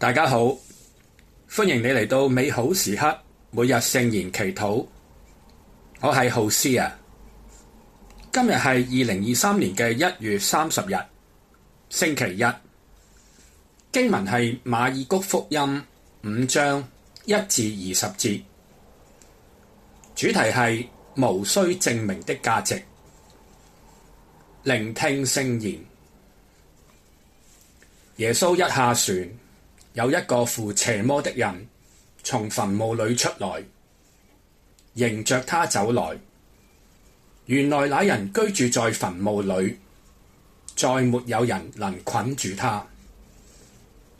大家好，歡迎你嚟到美好時刻每日聖言祈禱。我係浩思啊，今日係二零二三年嘅一月三十日，星期一。經文係馬爾谷福音五章一至二十節，主題係無需證明的價值。聆聽聖言，耶穌一下船。有一個附邪魔的人，從墳墓裏出來，迎着他走來。原來那人居住在墳墓裏，再沒有人能捆住他，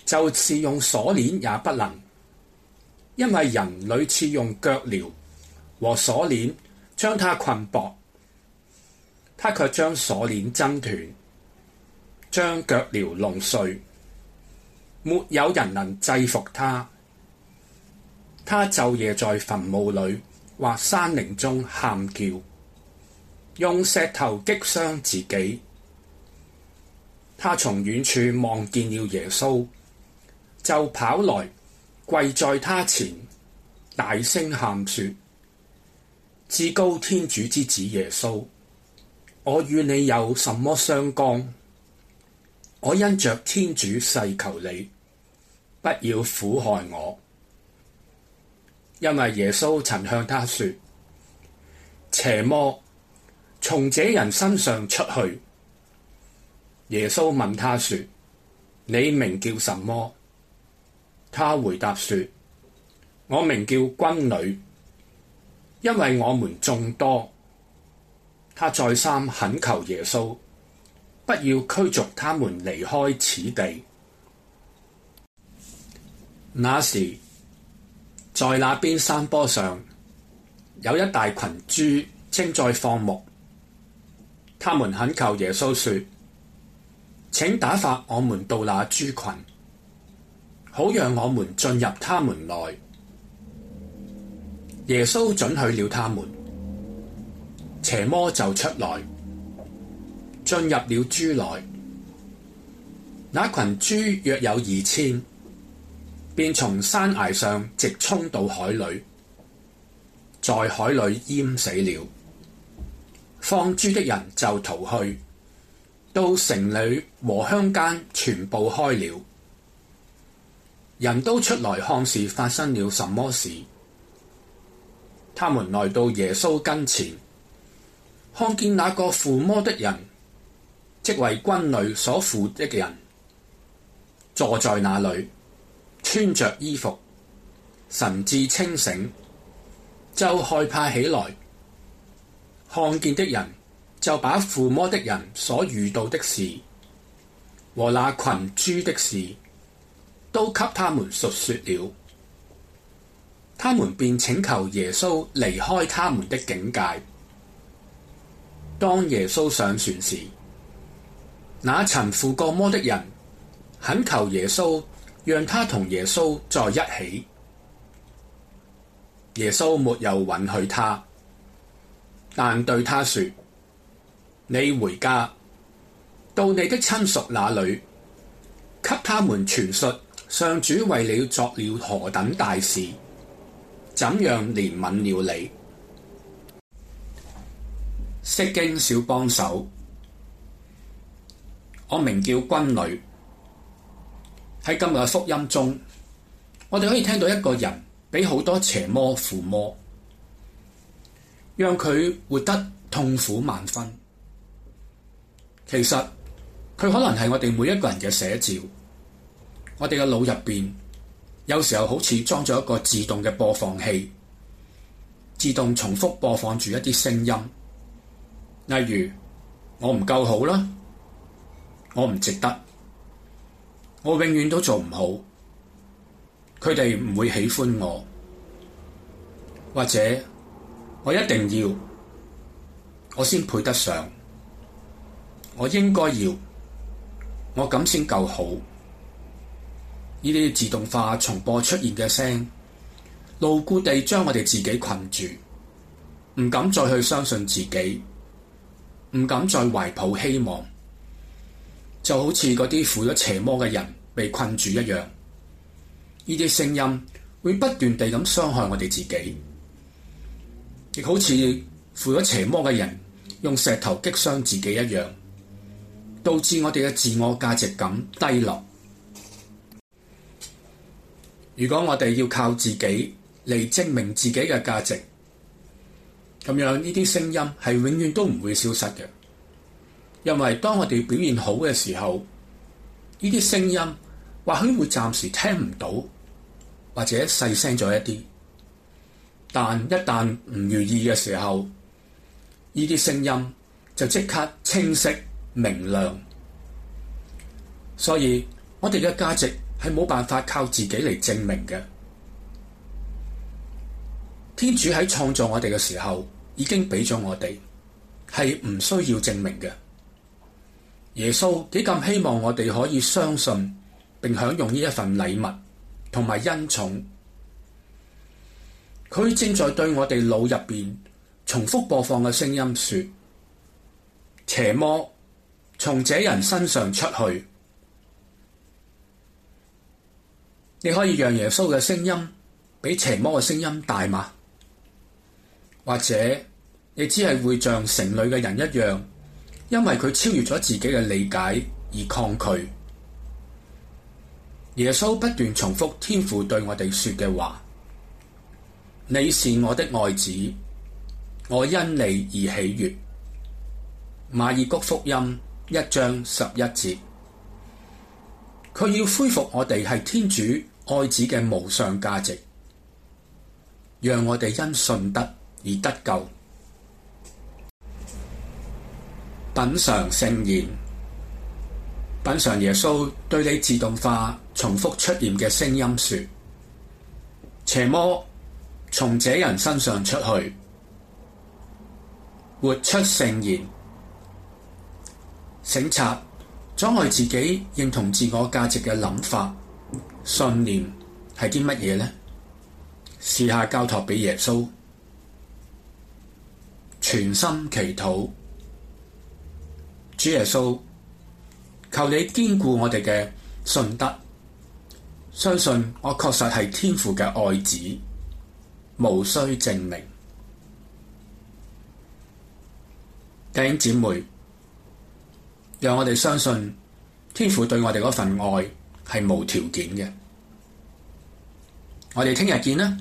就是用鎖鏈也不能，因為人屢次用腳鐐和鎖鏈將他捆縛，他卻將鎖鏈掙斷，將腳鐐弄碎。沒有人能制伏他，他晝夜在墳墓裏或山陵中喊叫，用石頭擊傷自己。他從遠處望見了耶穌，就跑來，跪在他前，大聲喊說：至高天主之子耶穌，我與你有什麼相干？我因着天主誓求你，不要苦害我，因為耶穌曾向他說：邪魔從這人身上出去。耶穌問他說：你名叫什麼？他回答說：我名叫軍旅，因為我們眾多。他再三懇求耶穌。不要驅逐他們離開此地。那時，在那邊山坡上有一大群豬正在放牧。他們懇求耶穌說：請打發我們到那豬群，好讓我們進入牠們內。耶穌准許了他們，邪魔就出來。進入了豬內，那群豬約有二千，便從山崖上直衝到海裏，在海裏淹死了。放豬的人就逃去，到城裏和鄉間傳報開了，人都出來看是發生了什麼事。他們來到耶穌跟前，看見那個附魔的人。即為軍旅所附的人，坐在那裏，穿着衣服，神志清醒，就害怕起來。看見的人就把附魔的人所遇到的事，和那群豬的事都給他們述說了。他們便請求耶穌離開他們的境界。當耶穌上船時，那曾附過魔的人懇求耶穌，讓他同耶穌在一起。耶穌沒有允許他，但對他說：你回家，到你的親屬那裏，給他們傳述上主為你作了何等大事，怎樣憐憫了你。釋經小幫手。我名叫軍旅。喺今日嘅福音中，我哋可以聽到一個人俾好多邪魔附魔，讓佢活得痛苦萬分。其實佢可能係我哋每一個人嘅寫照。我哋嘅腦入邊有時候好似裝咗一個自動嘅播放器，自動重複播放住一啲聲音。例如，我唔夠好啦。我唔值得，我永遠都做唔好，佢哋唔會喜歡我，或者我一定要我先配得上，我應該要，我咁先夠好。呢啲自動化重播出現嘅聲，牢固地將我哋自己困住，唔敢再去相信自己，唔敢再懷抱希望。就好似嗰啲附咗邪魔嘅人被困住一樣，呢啲聲音會不斷地咁傷害我哋自己，亦好似附咗邪魔嘅人用石頭擊傷自己一樣，導致我哋嘅自我價值感低落。如果我哋要靠自己嚟證明自己嘅價值，咁樣呢啲聲音係永遠都唔會消失嘅。因為當我哋表現好嘅時候，呢啲聲音或許會暫時聽唔到，或者細聲咗一啲。但一旦唔如意嘅時候，呢啲聲音就即刻清晰明亮。所以我哋嘅價值係冇辦法靠自己嚟證明嘅。天主喺創造我哋嘅時候，已經俾咗我哋，係唔需要證明嘅。耶穌幾咁希望我哋可以相信並享用呢一份禮物同埋恩寵，佢正在對我哋腦入邊重複播放嘅聲音說：邪魔，從這人身上出去，你可以讓耶穌嘅聲音比邪魔嘅聲音大嗎？或者你只係會像城裏嘅人一樣？因為佢超越咗自己嘅理解而抗拒。耶穌不斷重複天父對我哋說嘅話：你是我的愛子，我因你而喜悅。馬爾谷福音一章十一節，佢要恢復我哋係天主愛子嘅無上價值，讓我哋因信德而得救。品嘗聖言，品嘗耶穌對你自動化重複出現嘅聲音說：邪魔從這人身上出去，活出聖言。省察阻礙自己認同自我價值嘅諗法、信念係啲乜嘢呢？試下交託俾耶穌，全心祈禱。主耶穌，求你堅固我哋嘅信德，相信我確實係天父嘅愛子，無需證明。弟兄姊妹，讓我哋相信天父對我哋嗰份愛係無條件嘅。我哋聽日見啦。